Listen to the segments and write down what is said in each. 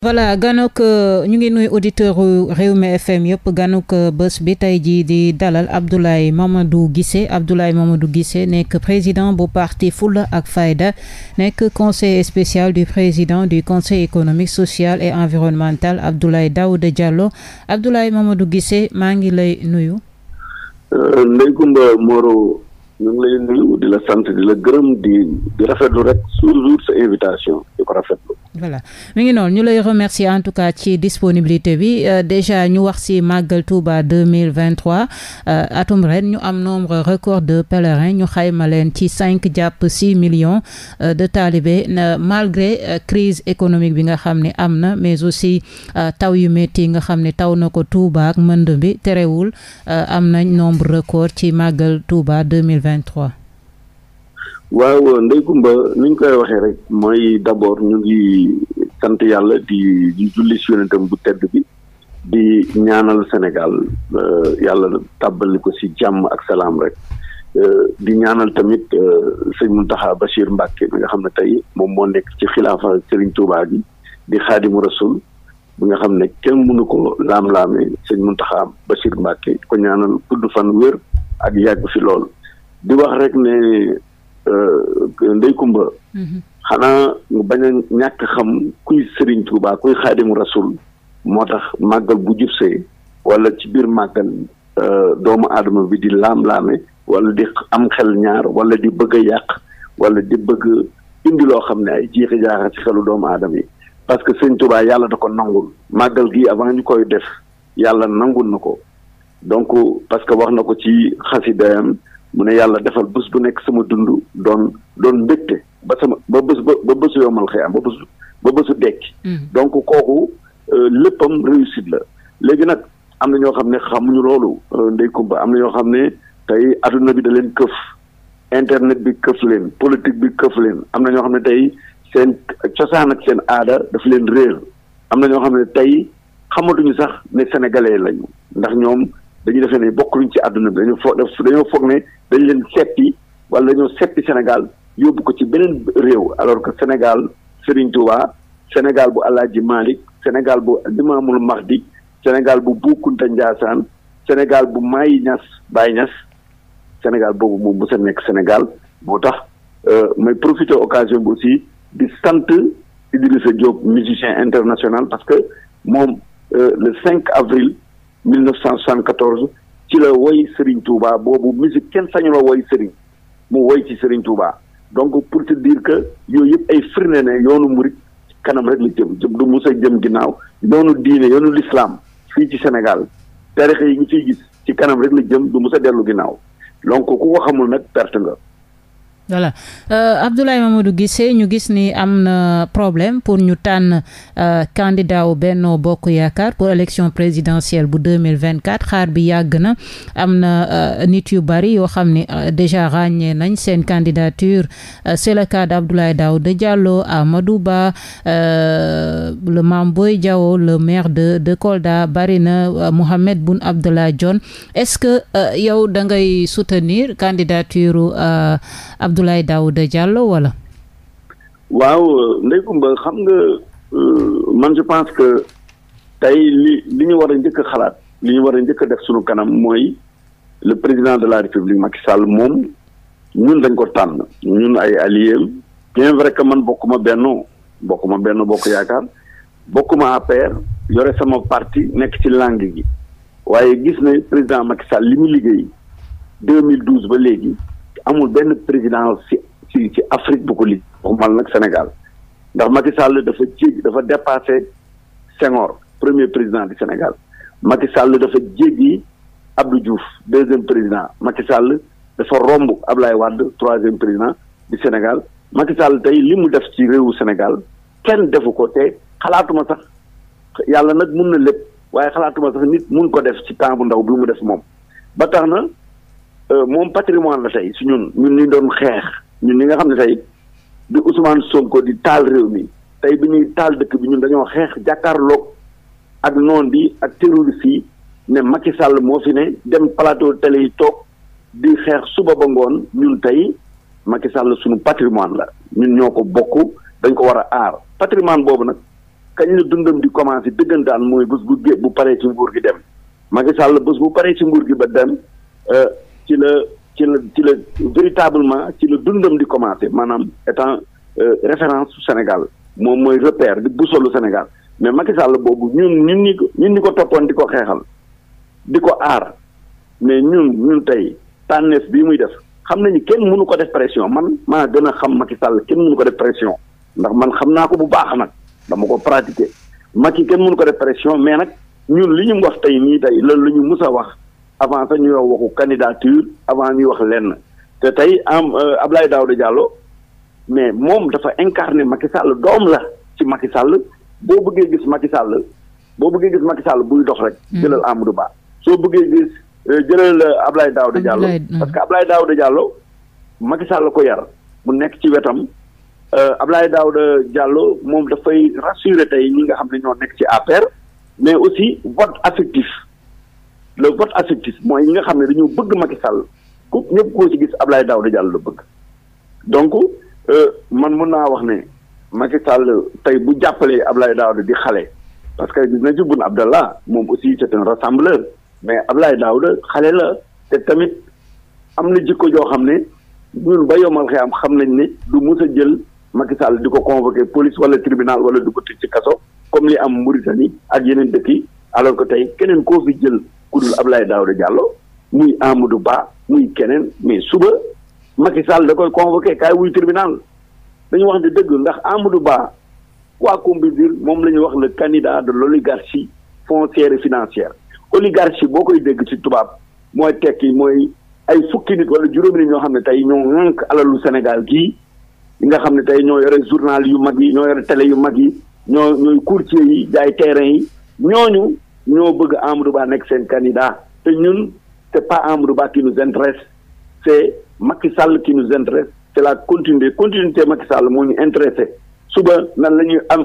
voilà ganuk euh, ñu ngi nuy auditeur Rewmi FM yëpp ganuk euh, bés bi tey jii di dalal Abdoulaye Mamadou Guissé Abdoulaye Mamadou Guissé nekk président bu parti Fulla ak Fayda nekk conseiller spécial du président du conseil économique social et environnemental Abdoulaye Daouda Diallo Abdoulaye Mamadou Guissé maa ngi lay nuyu. Euh, Ndeye Comba Moreau ñu ngi lay nuyu di la sant di la gërëm di di rafetlu rek toujours sa invitation di ko rafetlu. voilà mi ngi noonu ñu lay remercier en tout cas ci disponibilité bi euh, déjà ñu wax ci màggal Touba 2023 euh, atum ren ñu am nombre record de pèlerins ñu xayma leen ci cinq jàpp six millions euh, de talibés malgré crise économique bi nga xam ni am na mais aussi taw yu métti nga xam ne taw na ko Touba mënd bi terewul am nañ nombre record ci màggal Touba 2023 waaw ndey Kumba ni ñu koy waxee rek mooy d'abord ñu ngi sant yàlla di di julli ci yonentam bu tedd bi di ñaanal Sénégal euh, yàlla tàbbali ko ci jàmm ak salaam rek euh, di ñaanal tamit euh, sëñ Mountakha Bachir Mbacké bi nga xam ne tey moom moo nekk ci xilaafa Serigne Touba gi di xaadimu rasul bi nga xam ne kenn mënu ko laam-laamee sëñ Mountakha Bachir Mbacké ko ñaanal gudd fan wér ak yàgg fi lool di wax rek ne Euh, Ndey Kumba. Mhm. xanaa nga bañ a ñàkk xam kuy Serigne Touba kuy xaadimu rasul moo tax màggal bu jubsee wala ci biir màggal euh, doomu adama bi di laam-laame wala di am xel ñaar wala di bëgg yàq wala di bëgg indi loo xam ne ay jiixi jaaxa ci xelu doomu aadama yi parce que Sëñ Touba yàlla da ko nangul màggal gi avant ñu koy def yàlla nangul na ko donc parce que wax na ko ci xasidayam mu ne yàlla defal bés bu nekk sama dund doon doon mbégte ba sama ba bés ba bésu yomal xëyam ba bésu ba bésu dekki mm-hmm. donc kooku euh, léppam réussite la léegi nag am na ñoo xam ne xamuñu loolu euh, ndey kumba am na ñoo xam ne tey adduna bi da leen këf internet bi këf leen politique bi këf leen am na ñoo xam ne tey seen cosaan ak seen aada daf leen réer am na ñoo xam ne tey xamatuñu sax ne sénégalais lañu ndax ñoom dañu defee ne bokkuñ ci àdduna bi dañoo foog dañoo foog ne dañu leen seppi wala dañoo seppi Sénégal yóbbu ko ci beneen réew alors que Sénégal Serigne Touba Sénégal bu Alaaji Malick Sénégal bu Limaamul Mahdi Sénégal bu Boukounta Ndiassane Sénégal bu may Niass Baye Niass Sénégal boobu moom bu sa nekk Sénégal moo tax euh, may profiter occasion bi aussi di sant Idrissa Diop musicien international parce que moom euh, le cinq avril 1974 ci la woy Serigne Touba boobu musique kenn sañu la woy Serigne mu woy ci Serigne Touba donc pour te dire que yooyu yëpp ay firnde ne yoonu murit kanam rek la jëm jëm du musa jëm ginnaaw yoonu diine yoonu lislaam fii ci Sénégal tarix yi ngi fiy gis ci kanam rek la jëm du musa dellu ginnaaw donc ku ko xamul nag perte nga. voilà euh, Abdoulaye Mamadou Guissé ñu gis ni am na problème pour ñu tànn euh, candidat wu Benno Bokk Yaakaar pour élection présidentielle bu deux mille vingt quatre xaar bi yàgg na am na euh, nit yu bari yoo xam ni euh, déjà ràññee nañ seen candidature euh, c'est le cas d'Abdoulaye Daouda Diallo Amadou Ba le Mame Boye Diao le maire de de Kolda bari na Mohamed Boun Abdallah Dionne est-ce que yow da soutenir candidature daaw Daouda Diallo wala. waaw Ndeye Comba xam nga euh, man je pense que tey li li ñu war a njëkk xalaat li ñu war a njëkk a def suñu kanam mooy le président de la république Macky Sall moom ñun dañ ko tànn ñun ay alliés bien vrai que man bokkuma benno bokkuma benno bokk yaakaar bokkuma APR yore sama parti nekk ci langue gi waaye gis na président Macky Sall li mu liggéey 2012 ba léegi. amul benn président ci ci ci Afrique bu ko li waxumal nag Sénégal ndax Macky Sall dafa jéggi dafa dépassé Senghor premier président du Sénégal Macky Sall dafa jéggi Abdou Diouf deuxième président Macky Sall dafa romb Ablaye Wade troisième président du Sénégal Macky Sall tey li mu def ci réewu Sénégal kenn defu ko te xalaatuma sax yàlla nag mun na lépp waaye xalaatuma sax nit mun ko def ci temps bu ndaw bi mu def moom ba tax na Euh, moom patrimoine la tey su ñun ñun ñu doon xeex ñun ñi nga xam ne tey di Ousmane Sonko di taal réew mi tey bi ñuy taal dëkk bi ñun dañoo xeex jàkkaarloog ak noon bi ak terroriste yi ne Macky Sall moo fi ne dem plateau télé yi toog di xeex suba ba ngoon ñun tey Macky Sall suñu patrimoine la ñun ñoo ko bokk dañ ko war a aar patrimoine boobu nag kañ la dundam di commencé dëggantaan mooy bés bu gé bu paree ci nguur gi dem Macky Sall bés bu paree ci nguur gi ba dem euh, ci la ci la ci la véritablement ci la dundam di commencé maanaam étant euh, référence su Sénégal moom mooy repère di busolu Sénégal mais Macky Sall boobu ñun ñun ñi ko ñun ñi ko toppoon di ko xeexal di ko aar mais ñun ñun tey tànnes bii muy def xam nañu kenn mënu ko def pression man maa gën a xam Macky Sall kenn mënu ko def pression ndax man xam naa ko bu baax nag dama ko pratiquer Macky kenn mënu ko def pression mais nag ñun li ñu wax tey nii tey loolu la ñu mus a wax. avant sax ñuy wax waxu candidature avant ñuy wax lenn te tey am euh, Abdoulaye Daouda Diallo mais moom dafa incarné Macky Sall doom la ci Macky Sall boo bëggee gis Macky Sall boo bëggee gis Macky Sall buy dox rek. Hmm. jëlal Amadou Ba soo bëggee gis euh, jëlal daaw euh, Daouda Diallo. Hmm. parce que daaw Daouda jàlloo Macky Sall ko yar mu nekk ci wetam. Abdoulaye Daouda Diallo moom dafay rassurer tey ñi nga xam ne ñoo nekk ci APR mais aussi vote affectif. le vote asectif mooy ñi nga xam ne dañoo bëgg Macky Sall ku ñëpp koo ci gis Ablaye Daouda Diallo la bëgg donc euh, man mun naa wax ne Macky Sall tey bu jàppalee ab Ablaye Daouda di xale parce que gis na ci Boun Abdallah moom aussi c'est un rassembleur mais daaw Daouda xale la te tamit am na jikko joo xam ne ñun ba yomal xëy am xam nañ ne du mus a jël Macky Sall di ko convoqué police wala tribunal wala du ko tëj ci kaso comme li am Mauritanie ak yeneen dëkk yi alors que tey keneen koo fi jël. ku dul daaw Daouda Diallo muy Amadou Ba muy keneen mais suba Macky Sall da koy convoqué kaay wuy tribunal dañu wax ne dëgg ndax Amadou Ba waa Combizir moom la ñuy wax le candidat de l'oligarchie foncière et financière oligarchie boo koy dégg ci tubaab mooy tekki mooy ay fukki nit wala juróomi nit ñoo xam ne tey ñoo ŋànk alalu Sénégal gii yi nga xam ne tey ñoo yore journal yu mag yi ñoo yore télé yu mag yi ñoo ñooy courtier yi jaay terrain yi ñooñu ñoo bëgg Amadou baa nekk seen candidat te ñun c'est pas Amadou Ba qui nous intéresse c'est Macky Sall qui nous intéresse c'est la continuité continuité Macky Sall moo ñu intéressé suba nan la ñuy am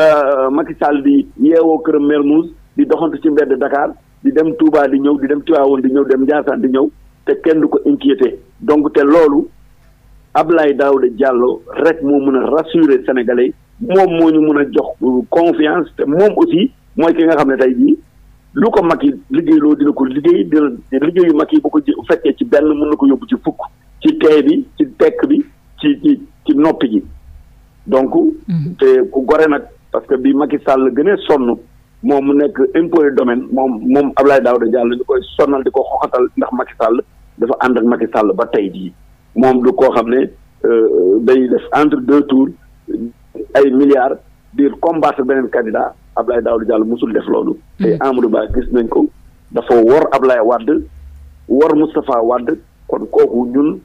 euh, Macky Sall di yeewoo këram Mermoz di doxantu ci mbedd Dakar di dem Touba di ñëw di dem Tivaouane di ñëw dem Ndiassane di ñëw te kenn du ko inquiété donc te loolu ab lay Ablaye Daouda jàlloo rek moo mën a rassurer sénégalais moom moo ñu mën a jox confiance te moom aussi. mooy ki nga xam ne tey jii lu ko mag yi liggéeyloo dina ko liggéey dina liggéeyu mag yi boo ko fekkee ci benn mën na ko yóbbu ci fukk ci tey bi ci tekk bi ci ci ci noppi ji donc mhm. te ku gore nag parce que bi i sàll gënee sonn moom mu nekk impôt domaine moom moom Abdoulaye Daouda Diallo di koy sonnal di ko xoxatal ndax Macky sàll dafa ànd ak Macky Sall ba tey jii moom du koo xam ne euh, day def entre deux tours ay milliards di combattre beneen candidat Abdoulaye Daouda Diallo mosul def loolu. te hmm. Amadou Ba gis nañ ko. dafa wor Ablaye Wade wor Moustapha Wade kon kooku ñun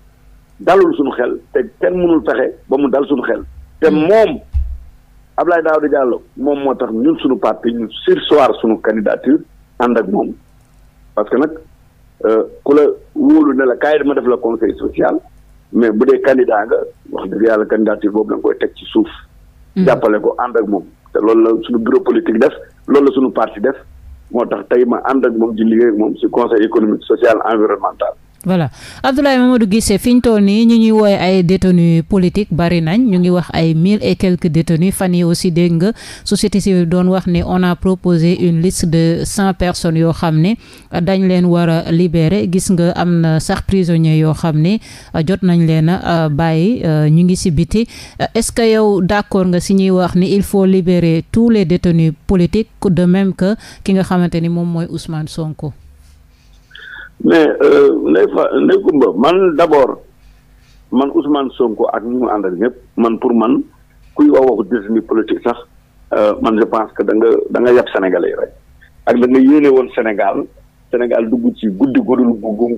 dalul suñu xel te kenn mënul fexe ba mu dal suñu xel te hmm. moom daaw Daouda Diallo moom moo tax ñun suñu parti ñu surseoir suñu candidature ànd ak moom parce que nag euh, ku la wóolu ne la kaay dama def la conseil social mais bu dee candidat nga wax dëgg yàlla candidature boobu da nga koy teg ci suuf hmm. jàppale ko ànd ak moom loolu la suñu bureau politique def loolu la suñu parti def moo tax tey ma ànd ak moom di liggéey moom si conseil économique social environnemental voilà Abdoulaye Mamadou gisee fi ñu toll nii ñu ñuy wooye ay détenus politiques bari nañ ñu ngi wax ay mille et quelques détenus fan aussi dégg nga société civile doon wax ni on a proposé une liste de cent personnes yoo xam ne dañ leen war a libérer gis nga am na sax prisonniers yoo xam ne jot nañ leen a bàyyi euh, ñu ngi si biti est-ce que yow d'accord nga si ñuy wax ni il faut libérer tous les détenus politiques de même que ki nga xamante ni moom mooy Ousmane Sonko. mais euh, Ndeye Fa Ndeye Kumba man d'abord man Ousmane Sonko ak ñu mu àndal ñëpp man pour man kuy wax waxu détenu politique sax euh, man je pense que da nga da nga yab Sénégalais rek ak da nga yéene woon Sénégal Sénégal dugg ci guddi gudul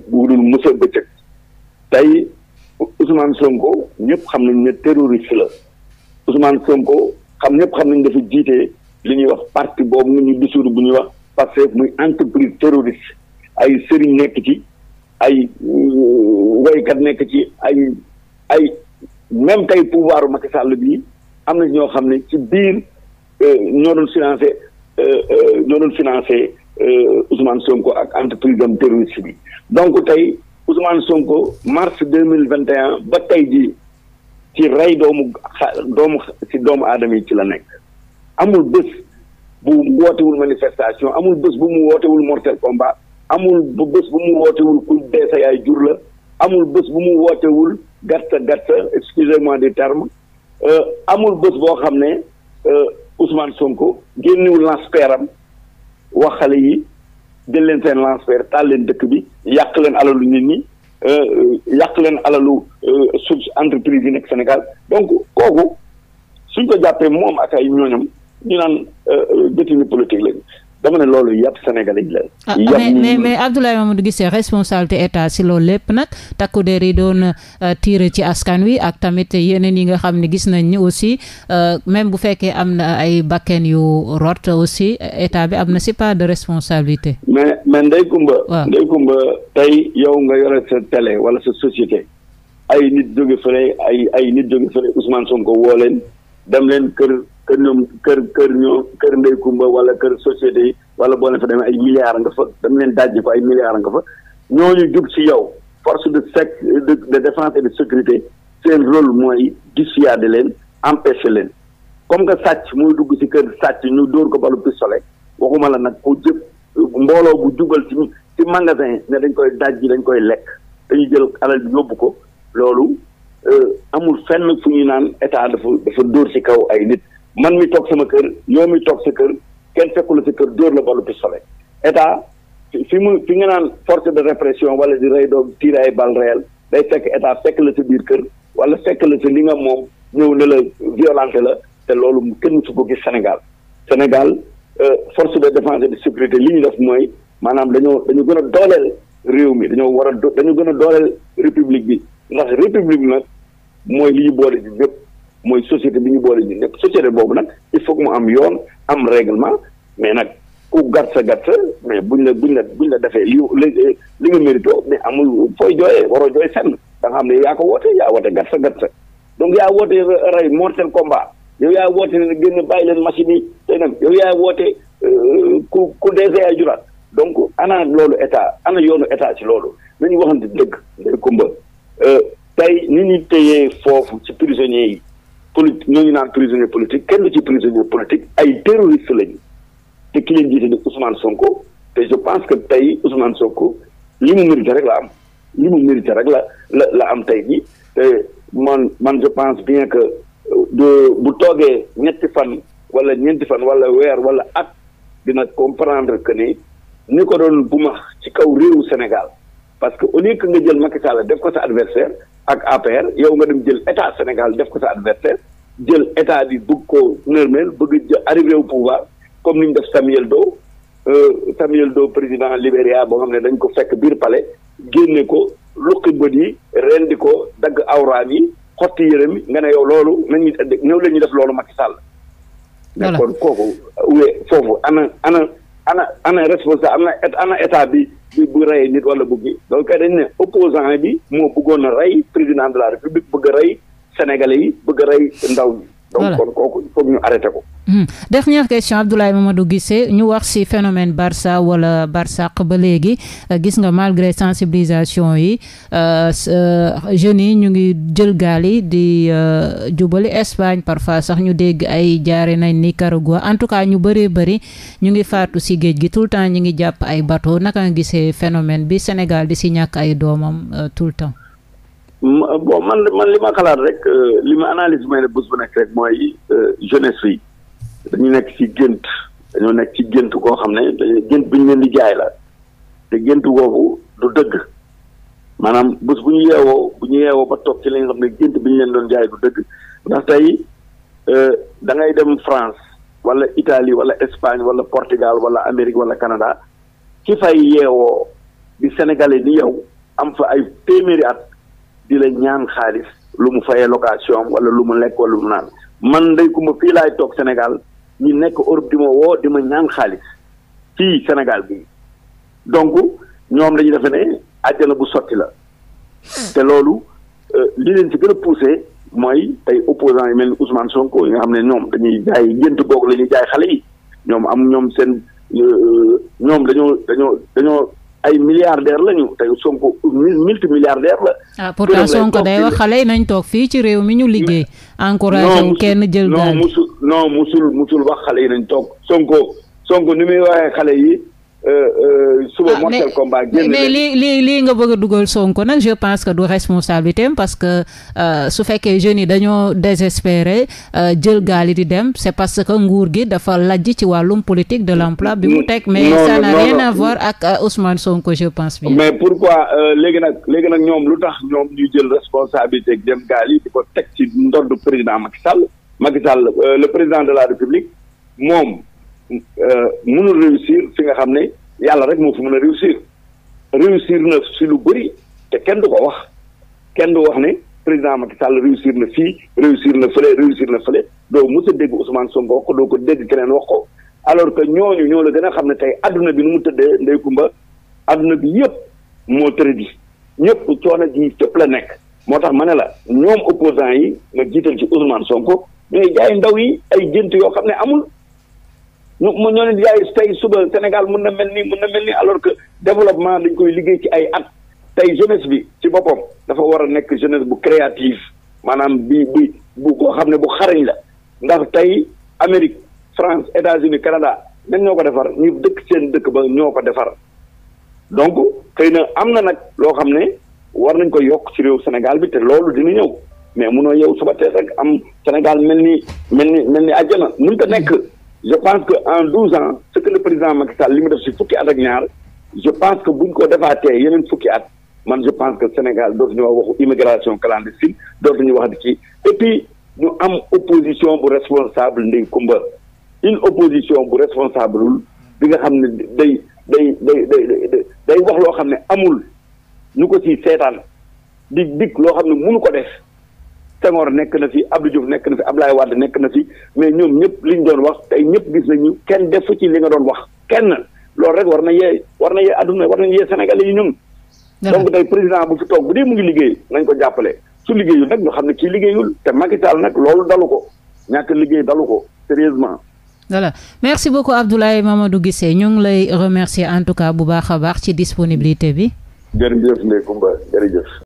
gudul mësa bëccëg tey Ousmane Sonko ñëpp xam nañ ne terroriste la Ousmane Sonko xam ñëpp xam nañu dafa jiite li ñuy wax parti boobu nga ñu disur bu ñuy wax parce que muy entreprise terroriste ay sëriñ nekk ci ay euh, woykat nekk ci ay ay même tey pouvoiru Macky Sall bii am na ñoo xam ne ci biir euh, ñoo doon financé euh, ñoo doon financé Ousmane Sonko ak entreprise am terroriste bi donc tey Ousmane Sonko mars deux mille vingt et un ba tey jii ci rey doomu doomu ci doomu aadama yi ci la nekk amul bés bu mu wootewul manifestation amul bés bu mu wootewul mortel combat amul bu bés bu mu wootewul kuy dee sa yaay jur la amul bés bu mu wootewul gàtta gàtta excusez-moi du terme euh, amul bés boo xam ne euh, Ousmane Sonko génniwul lance-pierre-am wax xale yi jël leen seen lance-pierre taal leen dëkk bi yàq leen alalu nit ñi euh, yàq leen alalu sous entreprise yi nekk Sénégal donc kooku suñ ko jàppee moom ak ay ñooñam ñu naan détenu politique lañu dama ne loolu yàpp Sénégalais yi la. Ah, mais mais mais Abdoulaye Mamadou Guissé responsabilité état si loolu lépp nag takku der yi doon euh, tiire ci askan wi ak tamit yeneen yi nga xam ne gis nañ ni aussi euh, même bu fekkee am na ay bakken yu rot aussi état bi am na si part de responsabilité. mais mais Ndeye Comba. waaw Ndeye tey yow nga yore sa télé wala sa société. ay nit jóge fële ay ay nit jóge fële Ousmane Sonko woo leen dem leen kër. kër ñoom kër kër ñoom kër ndey kumba wala kër société yi wala boo fa demee ay milliards nga fa dama leen dajji ko ay milliards nga fa ñu jub ci yow force de sec de de défense et de sécurité seen rôle mooy dissuader leen empêcher leen comme que sàcc muy dugg ci kër sàcc ñu dóor ko balu pistolet waxuma la nag ku jëpp mbooloo bu jubal ci ci magasin ne dañ koy dajji dañ koy lekk dañu jël alal bi yóbbu ko loolu euh, amul fenn fu ñuy naan état dafa dafa dóor ci kaw ay nit man mi toog sama kër yow mi toog sa kër kenn fekkula sa kër dóor la balu pistolet état fi mu fi nga naan force de répression wala di rey doom tiir ay bal réel day fekk état fekk la sa biir kër wala fekk la sa li nga moom ñëw ne la la te loolu kenn su ko gis Sénégal Sénégal euh, force de défense et de sécurité li ñu def mooy maanaam dañoo dañu gën a dooleel réew mi dañoo war a dañu gën a dooleel république bi ndax république nag mooy li boole bi yëpp mooy société bi ñu boole ñu lépp société boobu nag il faut mu am yoon am réglement mais nag ku gàtt sa gàtt sa mais buñ la buñ la buñ la defee li li nga mérito mais amul fooy jooyee waroo jooy fenn da xam ne yaa ko woote yaa woote gàtt sa gàtt sa donc yaa woote rey mortel combat yow yaa woote ne génn bàyyi leen machine yi tey nag yow yaa woote euh, ku ku dese ay juraat donc ana loolu état ana yoonu état ci loolu nañu waxante dëgg day kumba euh, tey ni ñu téyee foofu ci yi politique ñooñu naan prisonnier politique kenn du ci prisonnier politique ay terroriste lañu te ki leen jiite ni Ousmane Sonko te je pense que tey Ousmane Sonko li mu mérité rek la am li mu mérité rek la la am tey ji te man je pense bien que euh, bu toogee ñetti fan wala ñeenti fan wala weer wala at dina comprendre que ni ni ko doon bu max ci kaw réewu Sénégal parce que au lieu que nga jël Macky Sall def ko sa adversaire ak APR yow nga dem jël état Sénégal def ko sa adversaire jël état bi bëgg ko nërmeel bëgg arrivé au pouvoir comme ni ñu def Samuel Doe euh, Samuel Doe président Libéria boo xam ne dañ ko fekk biir palais génne ko luqi bët yi rendi ko dagg awraam yi xotti yërëm yi nga ne yow loolu nañu ñëw la ñuy def loolu Macky Sall. voilà kon kooku foofu ana ana. ana ana responsable am na ana état bi bi bu rey nit wala bu gi loolu kay dañ ne opposant bi moo bëggoon a rey président de la république bëgg a rey sénégalais yi bëgg rey ndaw ñi donc kon kooku il ñu arrêté ko Mmh. dernière question Abdoulaye Mamadou Guissé ñu wax ci phénomène Barça wala Barsaq ba léegi euh, gis nga malgré sensibilisation yi euh, euh, jeunes yi ñu ngi jël gaal yi di jubali Espagne parfois sax ñu dégg ay jaare nañ Nicaragua en tout cas ñu bëree bëri ñu ngi faatu ci géej gi tout le temps ñu ngi jàpp ay bateau naka nga gisee phénomène bi Sénégal di ci ñàkk ay doomam tout le temps. bon man li ma xalaat rek li ma analyse may ne bés bu nekk rek mooy jeunesse yi. dañu nekk ci gént dañoo nekk ci gént koo xam ne dañu gént bi leen di jaay la te gént boobu du dëgg maanaam bés bu ñu yeewoo bu ñu yeewoo ba toog ci li nga xam ne gént bi ñu leen doon jaay du dëgg ndax tey euh, da ngay dem France wala Italie wala Espagne wala Portugal wala Amérique wala Canada ki fay yeewoo di Sénégalais ni yow am fa ay téeméeri at di la ñaan xaalis lu mu fayee location wala lu mu lekk wala lu mu naan man day kumba fii laay toog Sénégal ñu nekk Europe di ma woo di ma ñaan xaalis ci Sénégal bi donc ñoom lañuy defe ne àjjana bu sotti la te loolu euh, li leen ci gën a poussé mooy tey opposants yi mel ni Ousmane sonk yi nga xam ne ñoom dañuy jaay gént boog la ñuy jaay xale yi ñoom am ñoom seen euh, ñoom dañoo dañoo dañoo ay milliardaire lañu te Sonko multimilliardaire la. ah pourtant Sonko day wax xale yi nañ toog fii ci réew mi ñu liggéey. encouragé wu kenn jël daal non musul musul musul wax xale yi nañ toog Sonko Sonko ni muy xale yi. Euh, euh, suba ah, mortel combat génn mais lii lii nga bëgg a dugal Sonko nag je pense que du responsabilité am parce que euh, su fekkee jeunes yi dañoo désespéré jël gaal yi di dem c'est parce que nguur gi dafa lajj ci wàllum politique de l'emploi bi mu teg mais ça n'a rien à voir ak Ousmane Sonko je pense bien mais pourquoi léegi nag léegi nag ñoom lu tax ñoom ñuy jël responsabilité dem gaal yi di ko teg ci ndodd président Macky Sall Macky àll le président de la République moom Euh, mënul réussir fi nga xam ne yàlla rek moo fi mën a réussir réussir na si lu bëri te kenn du ko wax kenn du wax ne président Macky Sall réussir na fii réussir na fële réussir na fële doo mës a dégg Ousmane Sonko wax ko doo ko dégg keneen wax ko alors que ñooñu ñoo la gën a xam ne tey àdduna bi nu mu tëddee ndey kumba adduna bi yëpp moo tëradi ñëpp coono ji fépp la nekk moo tax ma ne la ñoom opposant yi nga jiital ci Ousmane Sonko ñooy jaay ndaw yi ay gént yoo xam n amul ñu mu ñoo leen yaay tey suba Sénégal mun na mel nii mun na mel nii alors que développement dañ koy liggéey ci ay at tey jeunesse bi ci boppam dafa war a nekk jeunesse bu créative maanaam bi bi bu koo xam ne bu xarañ la ndax tey Amérique France États-Unis Canada ñan ñoo ko defar ñu dëkk seen dëkk ba ñoo ko defar donc xëy na am na nag loo xam ne war nañ ko yokk ci réew Sénégal bi te loolu dina ñëw mais munoo yow suba teel rek am Sénégal mel ni mel ni mel ni àjjana mënut a nekk. je pense que en douze ans ce que le président Macky Sall li mu def si fukki at ak ñaar je pense que buñ ko defaatee yeneen fukki at man je pense que Sénégal dootuñu wax waxu immigration clandestine ñu wax di ci et puis ñu am opposition bu responsable ndey kumba une opposition bu responsable lul bi nga xam ne day day day day day wax loo xam ne amul ñu ko ci seetaan di dikk loo xam ne mënu ko def Senghor nekk na fi Abdou Diouf nekk na fi Abdoulaye Wade nekk na fi mais ñoom ñëpp li ñu doon wax tey ñëpp gis nañu kenn defu ci li nga doon wax kenn loolu rek war na yee war na yee adduna war nañu yee Sénégalais yi ñun. donc tey président bu fi toog bu dee mu ngi liggéey nañ ko jàppale su liggéeyul nag ñu xam ne ci liggéeyul te Macky Sall nag loolu dalu ko ñàkk liggéey dalu ko sérieusement voilà merci beaucoup Abdoulaye Mamadou gisee ñu ngi lay remercier en tout cas bu baax a baax ci disponibilité bi. jërëjëf Ndeye Comba jërëjëf.